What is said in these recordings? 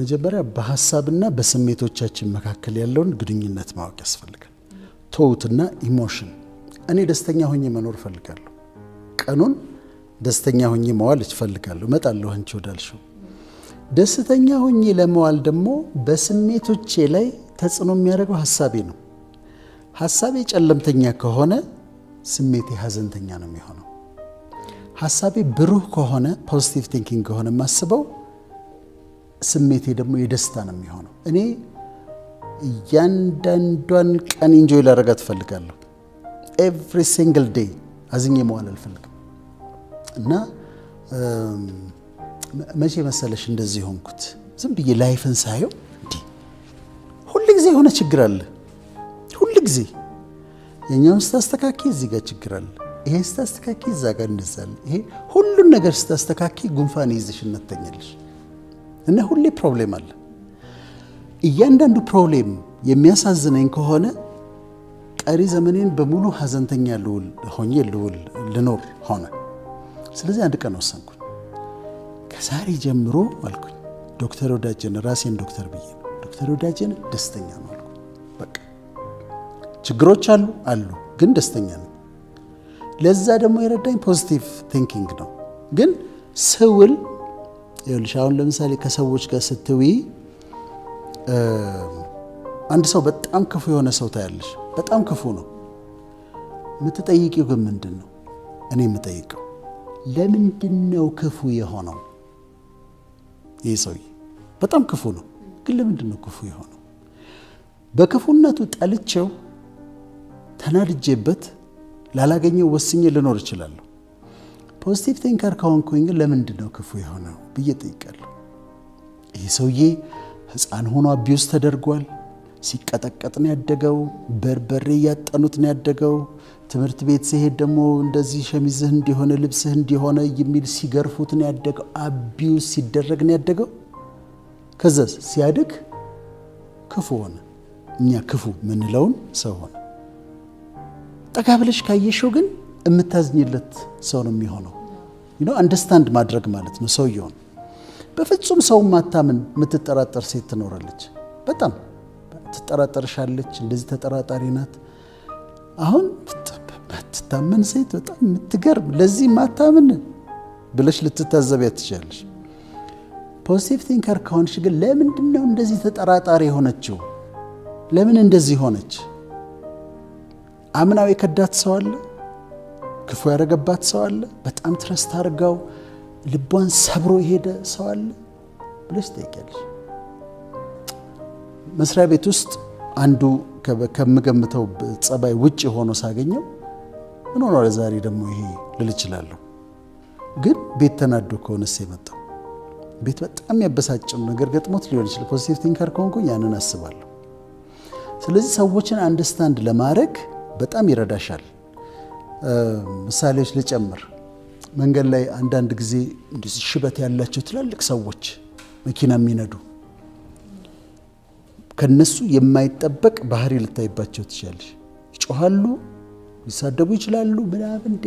መጀመሪያ በሀሳብና በስሜቶቻችን መካከል ያለውን ግንኙነት ማወቅ ያስፈልጋል። ቶውትና ኢሞሽን እኔ ደስተኛ ሆኜ መኖር እፈልጋለሁ። ቀኑን ደስተኛ ሆኜ መዋል እፈልጋለሁ። እመጣለሁ አንቺ ወዳልሽው። ደስተኛ ሆኜ ለመዋል ደግሞ በስሜቶቼ ላይ ተጽዕኖ የሚያደርገው ሀሳቤ ነው። ሀሳቤ ጨለምተኛ ከሆነ ስሜቴ ሀዘንተኛ ነው የሚሆነው። ሀሳቤ ብሩህ ከሆነ ፖዚቲቭ ቲንኪንግ ከሆነ የማስበው ስሜቴ ደግሞ የደስታ ነው የሚሆነው። እኔ እያንዳንዷን ቀን ኢንጆይ ላደርጋት ትፈልጋለሁ ኤቭሪ ሲንግል ዴይ አዝኜ መዋል አልፈልግም እና መቼ መሰለሽ እንደዚህ ሆንኩት። ዝም ብዬ ላይፍን ሳየው እንዲህ ሁል ጊዜ የሆነ ችግር አለ። ሁል ጊዜ የእኛውን ስታስተካኪ እዚህ ጋር ችግር አለ፣ ይሄ ስታስተካኪ እዛ ጋር እንደዛለ። ይሄ ሁሉን ነገር ስታስተካኪ ጉንፋን ይዝሽ እናተኛለሽ። እና ሁሌ ፕሮብሌም አለ። እያንዳንዱ ፕሮብሌም የሚያሳዝነኝ ከሆነ ቀሪ ዘመኔን በሙሉ ሀዘንተኛ ልውል ሆኜ ልውል ልኖር ሆነ። ስለዚህ አንድ ቀን ወሰንኩኝ። ከዛሬ ጀምሮ አልኩኝ ዶክተር ወዳጀን ራሴን ዶክተር ብዬ ነው ዶክተር ወዳጀን ደስተኛ ነው አልኩ። በቃ ችግሮች አሉ አሉ፣ ግን ደስተኛ ነው። ለዛ ደግሞ የረዳኝ ፖዚቲቭ ቲንኪንግ ነው ግን ስውል ይኸውልሽ አሁን ለምሳሌ ከሰዎች ጋር ስትዊ አንድ ሰው በጣም ክፉ የሆነ ሰው ታያለሽ። በጣም ክፉ ነው። የምትጠይቂው ግን ምንድን ነው? እኔ የምጠይቀው ለምንድን ነው ክፉ የሆነው? ይህ ሰውዬ በጣም ክፉ ነው፣ ግን ለምንድን ነው ክፉ የሆነው? በክፉነቱ ጠልቼው ተናድጄበት ላላገኘው ወስኜ ልኖር እችላለሁ። ፖዚቲቭ ቲንከር ከሆንኩኝ ግን ለምንድን ነው ክፉ የሆነው ብዬ ጠይቃለሁ። ይህ ሰውዬ ሕፃን ሆኖ አቢውስ ተደርጓል። ሲቀጠቀጥ ነው ያደገው። በርበሬ እያጠኑት ነው ያደገው። ትምህርት ቤት ሲሄድ ደግሞ እንደዚህ ሸሚዝህ እንዲሆነ ልብስህ እንዲሆነ የሚል ሲገርፉት ነው ያደገው። አቢውስ ሲደረግ ነው ያደገው። ከዛስ ሲያድግ ክፉ ሆነ። እኛ ክፉ ምንለውን ሰው ሆነ። ጠጋ ብለሽ ካየሽው ግን የምታዝኝለት ሰው ነው የሚሆነው። አንደርስታንድ ማድረግ ማለት ነው ሰውየውን። በፍጹም ሰው ማታምን የምትጠራጠር ሴት ትኖራለች። በጣም ትጠራጠርሻለች። እንደዚህ ተጠራጣሪ ናት። አሁን ማትታመን ሴት በጣም የምትገርም ለዚህ ማታምን ብለሽ ልትታዘብ ትችላለች። ፖዚቲቭ ቲንከር ከሆንሽ ግን ለምንድን ነው እንደዚህ ተጠራጣሪ የሆነችው? ለምን እንደዚህ ሆነች? አምናው የከዳት ሰው አለ ክፉ ያደረገባት ሰው አለ? በጣም ትረስት አድርጋው ልቧን ሰብሮ የሄደ ሰው አለ ብለሽ ትጠይቂያለሽ። መስሪያ ቤት ውስጥ አንዱ ከምገምተው ጸባይ ውጭ ሆኖ ሳገኘው ምን ሆኗል ዛሬ ደግሞ ይሄ ልል እችላለሁ። ግን ቤት ተናዶ ከሆነስ የመጣው ቤት በጣም ያበሳጭም ነገር ገጥሞት ሊሆን ይችላል። ፖዚቲቭ ቲንከር ከሆንኩ ያንን አስባለሁ። ስለዚህ ሰዎችን አንደርስታንድ ለማድረግ በጣም ይረዳሻል። ምሳሌዎች ልጨምር። መንገድ ላይ አንዳንድ ጊዜ ሽበት ያላቸው ትላልቅ ሰዎች መኪና የሚነዱ ከነሱ የማይጠበቅ ባህሪ ልታይባቸው ትችላለች። ይጮሃሉ፣ ሊሳደቡ ይችላሉ፣ ምናምን እንዴ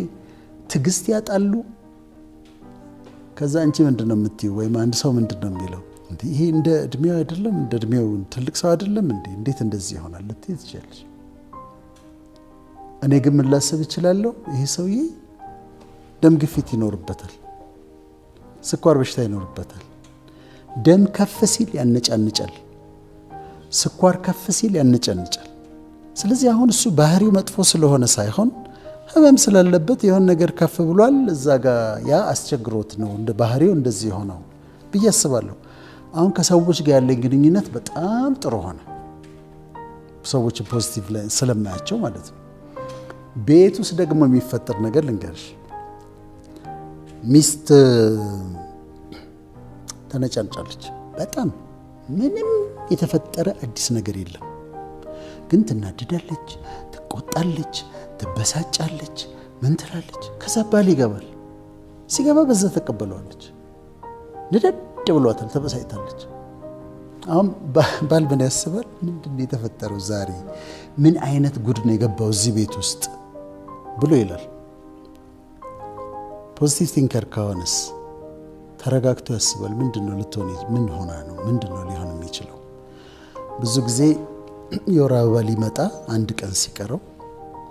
ትግስት ያጣሉ። ከዛ አንቺ ምንድን ነው የምትይው? ወይም አንድ ሰው ምንድን ነው የሚለው? ይሄ እንደ እድሜው አይደለም፣ እንደ እድሜው ትልቅ ሰው አይደለም እንዴት እንደዚህ ይሆናል ልትይ ትችላለች። እኔ ግን ምን ላስብ እችላለሁ? ይሄ ሰውዬ ደም ግፊት ይኖርበታል፣ ስኳር በሽታ ይኖርበታል። ደም ከፍ ሲል ያነጫንጫል፣ ስኳር ከፍ ሲል ያነጫንጫል። ስለዚህ አሁን እሱ ባህሪው መጥፎ ስለሆነ ሳይሆን ህመም ስላለበት የሆነ ነገር ከፍ ብሏል፣ እዛ ጋ ያ አስቸግሮት ነው ባህሪው እንደዚህ የሆነው ብዬ አስባለሁ። አሁን ከሰዎች ጋር ያለኝ ግንኙነት በጣም ጥሩ ሆነ፣ ሰዎች ፖዚቲቭ ስለማያቸው ማለት ነው። ቤት ውስጥ ደግሞ የሚፈጠር ነገር ልንገርሽ። ሚስት ተነጫንጫለች በጣም ምንም የተፈጠረ አዲስ ነገር የለም፣ ግን ትናድዳለች፣ ትቆጣለች፣ ትበሳጫለች፣ ምን ትላለች። ከዛ ባል ይገባል። ሲገባ በዛ ተቀበለዋለች። ንደድ ብሏታል፣ ተበሳጭታለች። አሁን ባል ምን ያስባል? ምንድን የተፈጠረው ዛሬ? ምን አይነት ጉድ ነው የገባው እዚህ ቤት ውስጥ ብሎ ይላል። ፖዚቲቭ ቲንከር ከሆነስ ተረጋግቶ ያስባል። ምንድነው ልትሆን ምን ሆና ነው ምንድነው ሊሆን የሚችለው? ብዙ ጊዜ የወር አበባ ሊመጣ አንድ ቀን ሲቀረው፣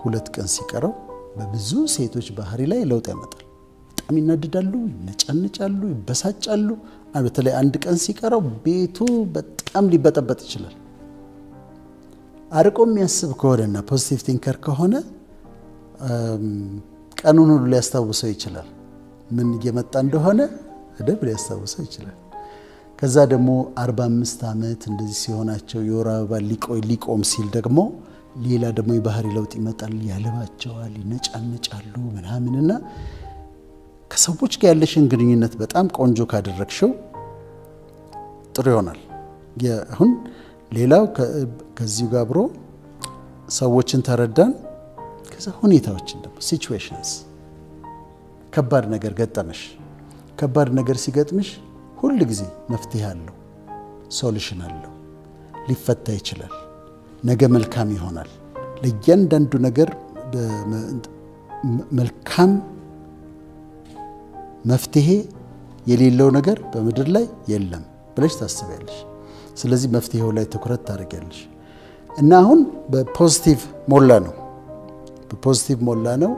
ሁለት ቀን ሲቀረው በብዙ ሴቶች ባህሪ ላይ ለውጥ ያመጣል። በጣም ይናድዳሉ፣ ይነጫንጫሉ፣ ይበሳጫሉ። በተለይ አንድ ቀን ሲቀረው ቤቱ በጣም ሊበጠበጥ ይችላል። አርቆ የሚያስብ ከሆነና ፖዚቲቭ ቲንከር ከሆነ ቀኑን ሁሉ ሊያስታውሰው ይችላል። ምን እየመጣ እንደሆነ እደብ ሊያስታውሰው ይችላል። ከዛ ደግሞ 45 ዓመት እንደዚህ ሲሆናቸው የወር አበባ ሊቆም ሲል ደግሞ ሌላ ደግሞ የባህሪ ለውጥ ይመጣል። ያለባቸዋል ይነጫነጫሉ ምናምንና ከሰዎች ጋር ያለሽን ግንኙነት በጣም ቆንጆ ካደረግሽው ጥሩ ይሆናል። አሁን ሌላው ከዚሁ ጋር አብሮ ሰዎችን ተረዳን። ከዛ ሁኔታዎችን ደግሞ ሲቹዌሽንስ ከባድ ነገር ገጠመሽ። ከባድ ነገር ሲገጥምሽ ሁል ጊዜ መፍትሄ አለው፣ ሶሉሽን አለው፣ ሊፈታ ይችላል፣ ነገ መልካም ይሆናል። ለእያንዳንዱ ነገር መልካም መፍትሄ የሌለው ነገር በምድር ላይ የለም ብለሽ ታስቢያለሽ። ስለዚህ መፍትሄው ላይ ትኩረት ታደርጊያለሽ እና አሁን በፖዚቲቭ ሞላ ነው ፖዚቲቭ ሞላ ነው።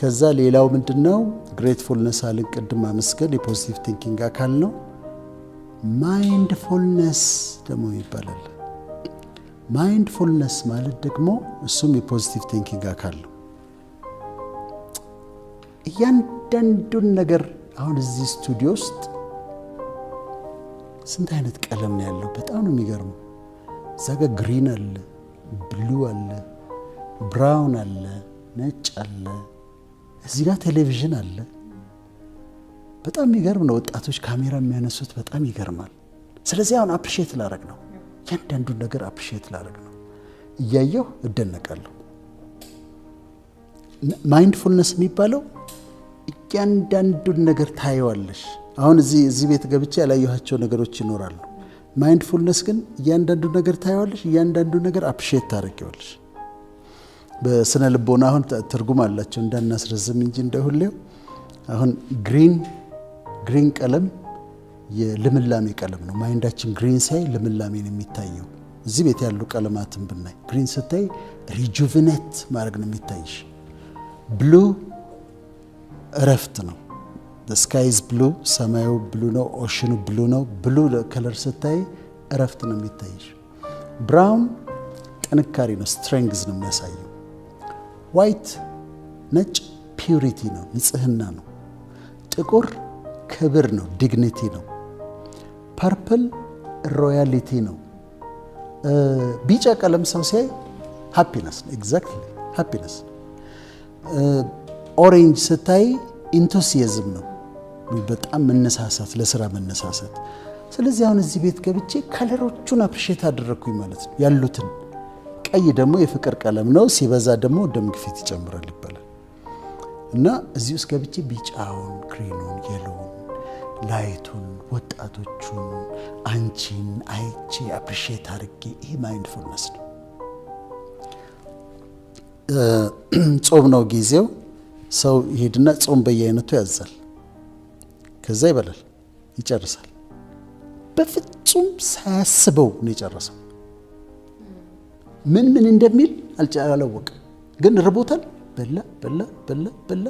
ከዛ ሌላው ምንድን ነው? ግሬትፉልነስ አልን ቅድም ማመስገን የፖዚቲቭ ቲንኪንግ አካል ነው። ማይንድፉልነስ ደግሞ ይባላል። ማይንድፉልነስ ማለት ደግሞ እሱም የፖዚቲቭ ቲንኪንግ አካል ነው። እያንዳንዱን ነገር አሁን እዚህ ስቱዲዮ ውስጥ ስንት አይነት ቀለም ነው ያለው? በጣም ነው የሚገርመው። እዛ ጋር ግሪን አለ፣ ብሉ አለ ብራውን አለ፣ ነጭ አለ፣ እዚህ ጋር ቴሌቪዥን አለ። በጣም የሚገርም ነው። ወጣቶች ካሜራ የሚያነሱት በጣም ይገርማል። ስለዚህ አሁን አፕሪሼት ላረግ ነው፣ እያንዳንዱን ነገር አፕሪሼት ላረግ ነው። እያየሁ እደነቃለሁ። ማይንድፉልነስ የሚባለው እያንዳንዱን ነገር ታየዋለሽ። አሁን እዚህ እዚህ ቤት ገብቼ ያላየኋቸው ነገሮች ይኖራሉ። ማይንድፉልነስ ግን እያንዳንዱ ነገር ታየዋለሽ፣ እያንዳንዱ ነገር አፕሪሼት ታደርጊዋለሽ። በስነ ልቦና አሁን ትርጉም አላቸው እንዳናስረዝም እንጂ እንደሁሌው አሁን ግሪን ግሪን ቀለም የልምላሜ ቀለም ነው። ማይንዳችን ግሪን ሳይ ልምላሜ ነው የሚታየው። እዚህ ቤት ያሉ ቀለማትን ብናይ ግሪን ስታይ ሪጁቪኔት ማድረግ ነው የሚታይሽ። ብሉ እረፍት ነው። ስካይዝ ብሉ ሰማዩ ብሉ ነው። ኦሽኑ ብሉ ነው። ብሉ ከለር ስታይ እረፍት ነው የሚታይሽ። ብራውን ጥንካሬ ነው፣ ስትሬንግዝ ነው የሚያሳየው። ዋይት ነጭ ፒውሪቲ ነው፣ ንጽህና ነው። ጥቁር ክብር ነው፣ ዲግኒቲ ነው። ፐርፕል ሮያሊቲ ነው። ቢጫ ቀለም ሰው ሲያይ ሃፒነስ ነው። ኤግዛክትሊ ሃፒነስ። ኦሬንጅ ስታይ ኢንቱሲያዝም ነው፣ በጣም መነሳሳት፣ ለስራ መነሳሳት። ስለዚህ አሁን እዚህ ቤት ገብቼ ከለሮቹን አፕሪሼት አደረግኩኝ ማለት ነው ያሉትን ቀይ ደግሞ የፍቅር ቀለም ነው፣ ሲበዛ ደግሞ ደም ግፊት ይጨምራል ይባላል እና እዚህ ውስጥ ገብቼ ቢጫውን፣ ግሪኑን፣ የሎውን፣ ላይቱን፣ ወጣቶቹን፣ አንቺን አይቼ አፕሪሼት አድርጌ ይሄ ማይንድፉልነስ ነው። ጾም ነው ጊዜው። ሰው ይሄድና ጾም በየአይነቱ ያዛል። ከዛ ይበላል፣ ይጨርሳል። በፍጹም ሳያስበው ነው የጨረሰው። ምን ምን እንደሚል አላወቅም፣ ግን ርቦታል። በላ በላ በላ በላ።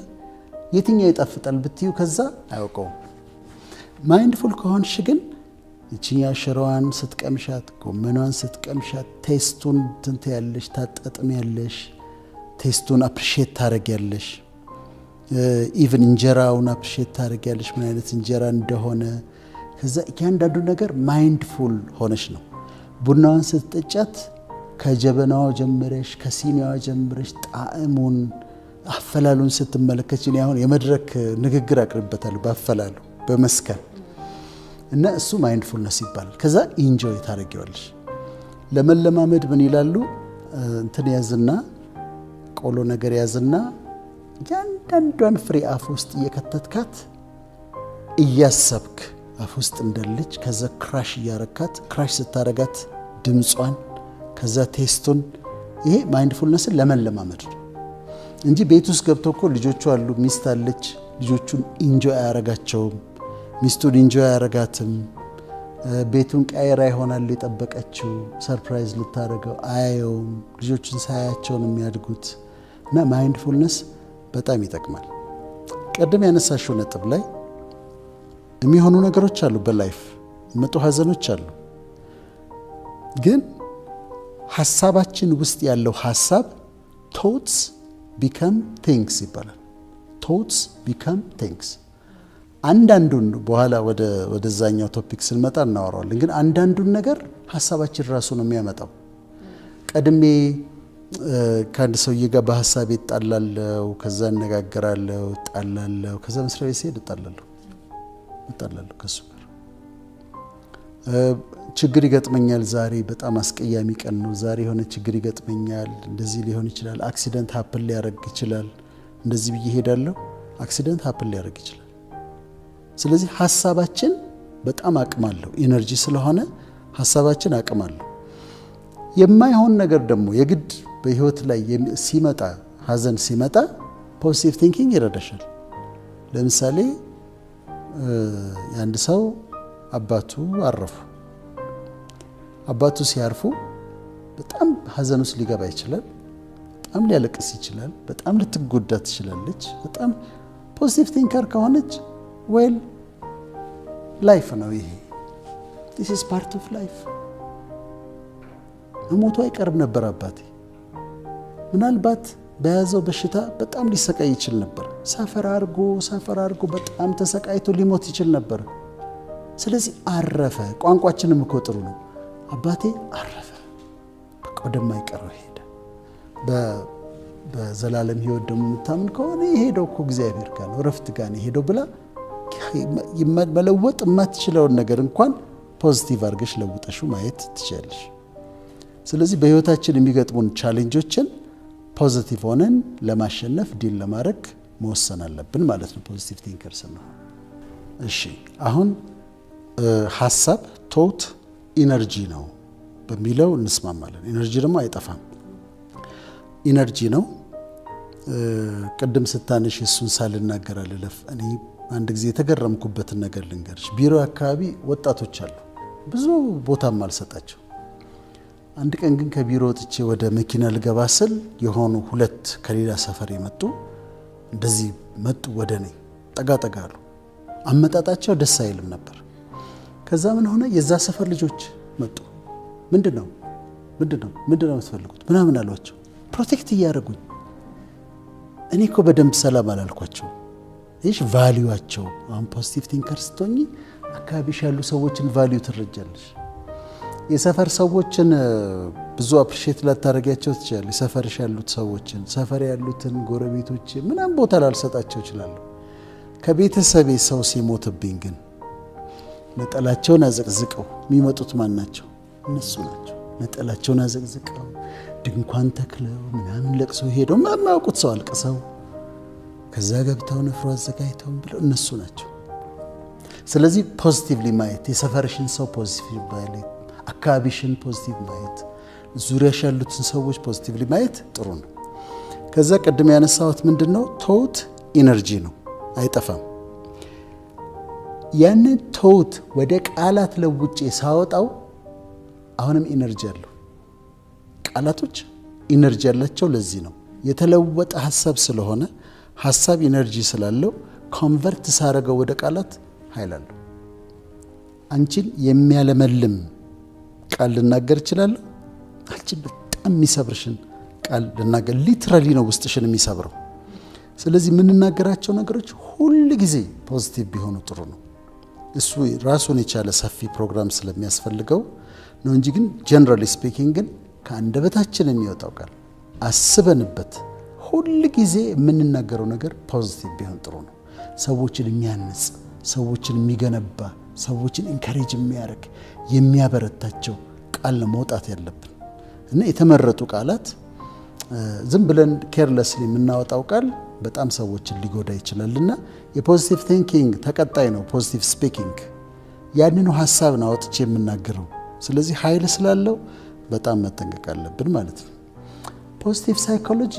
የትኛው ይጣፍጣል ብትዩ ከዛ አያውቀውም። ማይንድፉል ከሆንሽ ግን እችኛ ሽሮዋን ስትቀምሻት፣ ጎመኗን ስትቀምሻት ቴስቱን ትንት ያለሽ ታጣጥም ያለሽ ቴስቱን አፕሪሼት ታደረግ ያለሽ ኢቨን እንጀራውን አፕሪሼት ታደረግ ያለሽ ምን አይነት እንጀራ እንደሆነ ከዛ እያንዳንዱ ነገር ማይንድፉል ሆነሽ ነው ቡናዋን ስትጠጫት ከጀበናዋ ጀምረሽ ከሲኒዋ ጀምረሽ ጣዕሙን አፈላሉን ስትመለከች እኔ አሁን የመድረክ ንግግር አቅርብበታለሁ በአፈላሉ በመስከን እና እሱ ማይንድፉልነስ ይባላል። ከዛ ኢንጆይ ታደርጊዋለሽ። ለመለማመድ ምን ይላሉ እንትን ያዝና ቆሎ ነገር ያዝና ያንዳንዷን ፍሬ አፍ ውስጥ እየከተትካት እያሰብክ አፍ ውስጥ እንደለች ከዛ ክራሽ እያረካት ክራሽ ስታረጋት ድምጿን ከዛ ቴስቱን ይሄ ማይንድፉልነስን ለመለማመድ ነው እንጂ ቤት ውስጥ ገብቶ እኮ ልጆቹ አሉ፣ ሚስት አለች። ልጆቹን ኢንጆይ አያረጋቸውም፣ ሚስቱን ኢንጆይ አያረጋትም። ቤቱን ቀይራ ይሆናሉ የጠበቀችው፣ ሰርፕራይዝ ልታደርገው አያየውም። ልጆቹን ሳያቸው ነው የሚያድጉት። እና ማይንድፉልነስ በጣም ይጠቅማል። ቀደም ያነሳሽው ነጥብ ላይ የሚሆኑ ነገሮች አሉ፣ በላይፍ መጡ ሀዘኖች አሉ ግን ሀሳባችን ውስጥ ያለው ሀሳብ ቶትስ ቢከም ቲንክስ ይባላል። ቶትስ ቢከም ቲንክስ። አንዳንዱን በኋላ ወደዛኛው ቶፒክ ስንመጣ እናወራዋለን። ግን አንዳንዱን ነገር ሀሳባችን ራሱ ነው የሚያመጣው። ቀድሜ ከአንድ ሰውዬ ጋር በሀሳቤ ይጣላለው፣ ከዛ እነጋገራለሁ፣ እጣላለሁ፣ ከዛ መስሪያ ቤት ሲሄድ እጣላለሁ እጣላለሁ ከሱ ችግር ይገጥመኛል፣ ዛሬ በጣም አስቀያሚ ቀን ነው፣ ዛሬ የሆነ ችግር ይገጥመኛል፣ እንደዚህ ሊሆን ይችላል፣ አክሲደንት ሀፕል ሊያደርግ ይችላል፣ እንደዚህ ብዬ ሄዳለሁ፣ አክሲደንት ሀፕል ሊያደርግ ይችላል። ስለዚህ ሀሳባችን በጣም አቅም አለው፣ ኢነርጂ ስለሆነ ሀሳባችን አቅም አለው። የማይሆን ነገር ደግሞ የግድ በህይወት ላይ ሲመጣ ሀዘን ሲመጣ ፖዚቲቭ ቲንኪንግ ይረዳሻል። ለምሳሌ የአንድ ሰው አባቱ አረፉ። አባቱ ሲያርፉ በጣም ሀዘን ውስጥ ሊገባ ይችላል። በጣም ሊያለቅስ ይችላል። በጣም ልትጎዳ ትችላለች። በጣም ፖዚቲቭ ቲንከር ከሆነች ዌል ላይፍ ነው ይሄ ዲስ ፓርት ኦፍ ላይፍ። መሞቱ አይቀርም ነበር አባቴ። ምናልባት በያዘው በሽታ በጣም ሊሰቃይ ይችል ነበር። ሰፈር አድርጎ ሰፈር አድርጎ በጣም ተሰቃይቶ ሊሞት ይችል ነበር። ስለዚህ አረፈ። ቋንቋችንም እኮ ጥሩ ነው። አባቴ አረፈ፣ በቃ ወደማይቀረው ሄደ። በዘላለም ሕይወት ደግሞ የምታምን ከሆነ የሄደው እኮ እግዚአብሔር ጋር ነው፣ እረፍት ጋር ነው የሄደው ብላ መለወጥ የማትችለውን ነገር እንኳን ፖዚቲቭ አድርገሽ ለውጠሹ ማየት ትችላለሽ። ስለዚህ በህይወታችን የሚገጥሙን ቻሌንጆችን ፖዚቲቭ ሆነን ለማሸነፍ ዲል ለማድረግ መወሰን አለብን ማለት ነው ፖዚቲቭ ቲንከር ስንሆን። እሺ አሁን ሀሳብ ቶት ኢነርጂ ነው በሚለው እንስማማለን። ኢነርጂ ደግሞ አይጠፋም፣ ኢነርጂ ነው። ቅድም ስታነሽ እሱን ሳልናገር አልለፍ። እኔ አንድ ጊዜ የተገረምኩበትን ነገር ልንገርሽ። ቢሮ አካባቢ ወጣቶች አሉ፣ ብዙ ቦታም አልሰጣቸው። አንድ ቀን ግን ከቢሮ ወጥቼ ወደ መኪና ልገባ ስል የሆኑ ሁለት ከሌላ ሰፈር የመጡ እንደዚህ መጡ ወደ እኔ ጠጋጠጋ አሉ። አመጣጣቸው ደስ አይልም ነበር ከዛ ምን ሆነ? የዛ ሰፈር ልጆች መጡ። ምንድን ነው ምንድን ነው ምንድን ነው የምትፈልጉት ምናምን አሏቸው። ፕሮቴክት እያደረጉኝ እኔ እኮ በደንብ ሰላም አላልኳቸው። ይሽ ቫሊዋቸው አሁን ፖዚቲቭ ቲንከር ስትሆኚ አካባቢሽ ያሉ ሰዎችን ቫሊዩ ትረጃለሽ። የሰፈር ሰዎችን ብዙ አፕሪሼት ላታደረጊያቸው ትችላለሽ። የሰፈርሽ ያሉት ሰዎችን ሰፈር ያሉትን ጎረቤቶች ምናምን ቦታ ላልሰጣቸው ይችላሉ። ከቤተሰቤ ሰው ሲሞትብኝ ግን ነጠላቸውን አዘቅዝቀው የሚመጡት ማን ናቸው? እነሱ ናቸው። ነጠላቸውን አዘቅዝቀው ድንኳን ተክለው ምናምን ለቅሰው ሄደው የማያውቁት ሰው አልቅሰው ከዛ ገብተው ንፍሮ አዘጋጅተው ብለው እነሱ ናቸው። ስለዚህ ፖዚቲቭሊ ማየት የሰፈርሽን ሰው ፖዚቲቭ ማየት፣ አካባቢሽን ፖዚቲቭ ማየት፣ ዙሪያሽ ያሉትን ሰዎች ፖዚቲቭሊ ማየት ጥሩ ነው። ከዛ ቅድም ያነሳሁት ምንድን ነው? ቶት ኢነርጂ ነው፣ አይጠፋም። ያንን ተውት ወደ ቃላት ለውጬ ሳወጣው አሁንም ኢነርጂ አለው። ቃላቶች ኢነርጂ ያላቸው ለዚህ ነው። የተለወጠ ሀሳብ ስለሆነ ሀሳብ ኢነርጂ ስላለው ኮንቨርት ሳረገው ወደ ቃላት ኃይል አለው። አንቺን የሚያለመልም ቃል ልናገር እችላለሁ። አንቺን በጣም የሚሰብርሽን ቃል ልናገር ሊትራሊ ነው ውስጥሽን የሚሰብረው። ስለዚህ የምንናገራቸው ነገሮች ሁል ጊዜ ፖዚቲቭ ቢሆኑ ጥሩ ነው። እሱ ራሱን የቻለ ሰፊ ፕሮግራም ስለሚያስፈልገው ነው እንጂ ግን ጀነራሊ ስፒኪንግ ግን ከአንደበታችን የሚወጣው ቃል አስበንበት ሁል ጊዜ የምንናገረው ነገር ፖዚቲቭ ቢሆን ጥሩ ነው። ሰዎችን የሚያንጽ፣ ሰዎችን የሚገነባ፣ ሰዎችን ኢንካሬጅ የሚያደርግ የሚያበረታቸው ቃል መውጣት ያለብን እና የተመረጡ ቃላት ዝም ብለን ኬርለስ የምናወጣው ቃል በጣም ሰዎችን ሊጎዳ ይችላልና የፖዚቲቭ ቲንኪንግ ተቀጣይ ነው ፖዚቲቭ ስፒኪንግ። ያንኑ ሀሳብ ነው አውጥቼ የምናገረው። ስለዚህ ኃይል ስላለው በጣም መጠንቀቅ አለብን ማለት ነው። ፖዚቲቭ ሳይኮሎጂ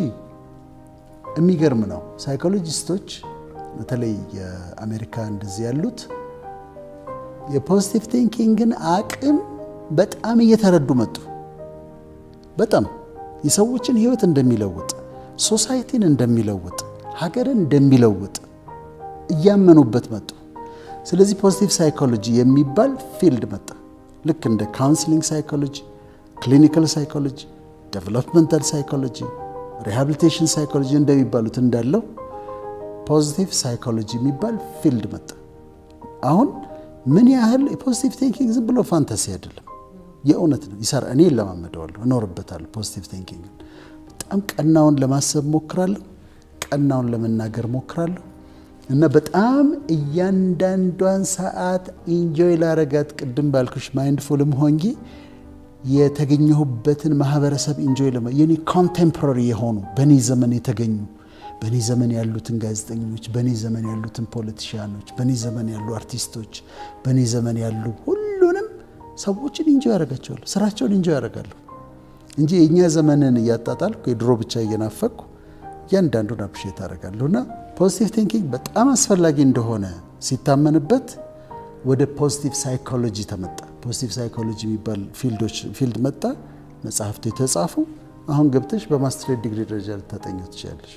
የሚገርም ነው። ሳይኮሎጂስቶች በተለይ የአሜሪካ እንደዚህ ያሉት የፖዚቲቭ ቲንኪንግን አቅም በጣም እየተረዱ መጡ። በጣም የሰዎችን ህይወት እንደሚለውጥ ሶሳይቲን እንደሚለውጥ ሀገርን እንደሚለውጥ እያመኑበት መጡ። ስለዚህ ፖዚቲቭ ሳይኮሎጂ የሚባል ፊልድ መጣ። ልክ እንደ ካውንስሊንግ ሳይኮሎጂ፣ ክሊኒካል ሳይኮሎጂ፣ ዴቨሎፕመንታል ሳይኮሎጂ፣ ሪሃብሊቴሽን ሳይኮሎጂ እንደሚባሉት እንዳለው ፖዚቲቭ ሳይኮሎጂ የሚባል ፊልድ መጣ። አሁን ምን ያህል የፖዚቲቭ ቲንኪንግ ዝም ብሎ ፋንታሲ አይደለም፣ የእውነት ነው። ይሰራ እኔ ለማመደዋለሁ፣ እኖርበታለሁ። ፖዚቲቭ ቲንኪንግ በጣም ቀናውን ለማሰብ ሞክራለሁ። ቀናውን ለመናገር ሞክራለሁ እና በጣም እያንዳንዷን ሰዓት ኢንጆይ ላረጋት ቅድም ባልኩሽ ማይንድፉል ሆንጊ የተገኘሁበትን ማህበረሰብ ኢንጆይ ለ የኔ ኮንቴምፖራሪ የሆኑ በእኔ ዘመን የተገኙ በእኔ ዘመን ያሉትን ጋዜጠኞች፣ በእኔ ዘመን ያሉትን ፖለቲሽያኖች፣ በእኔ ዘመን ያሉ አርቲስቶች፣ በእኔ ዘመን ያሉ ሁሉንም ሰዎችን ኢንጆይ ያደርጋቸዋለሁ፣ ስራቸውን ኢንጆይ ያደርጋለሁ እንጂ የእኛ ዘመንን እያጣጣልኩ የድሮ ብቻ እየናፈቅኩ እያንዳንዱን አፕሪሼት አደርጋለሁ እና ፖዚቲቭ ቲንኪንግ በጣም አስፈላጊ እንደሆነ ሲታመንበት ወደ ፖዚቲቭ ሳይኮሎጂ ተመጣ። ፖዚቲቭ ሳይኮሎጂ የሚባል ፊልድ መጣ። መጽሐፍት የተጻፉ አሁን ገብተሽ በማስትሬት ዲግሪ ደረጃ ልታጠኙ ትችላለች።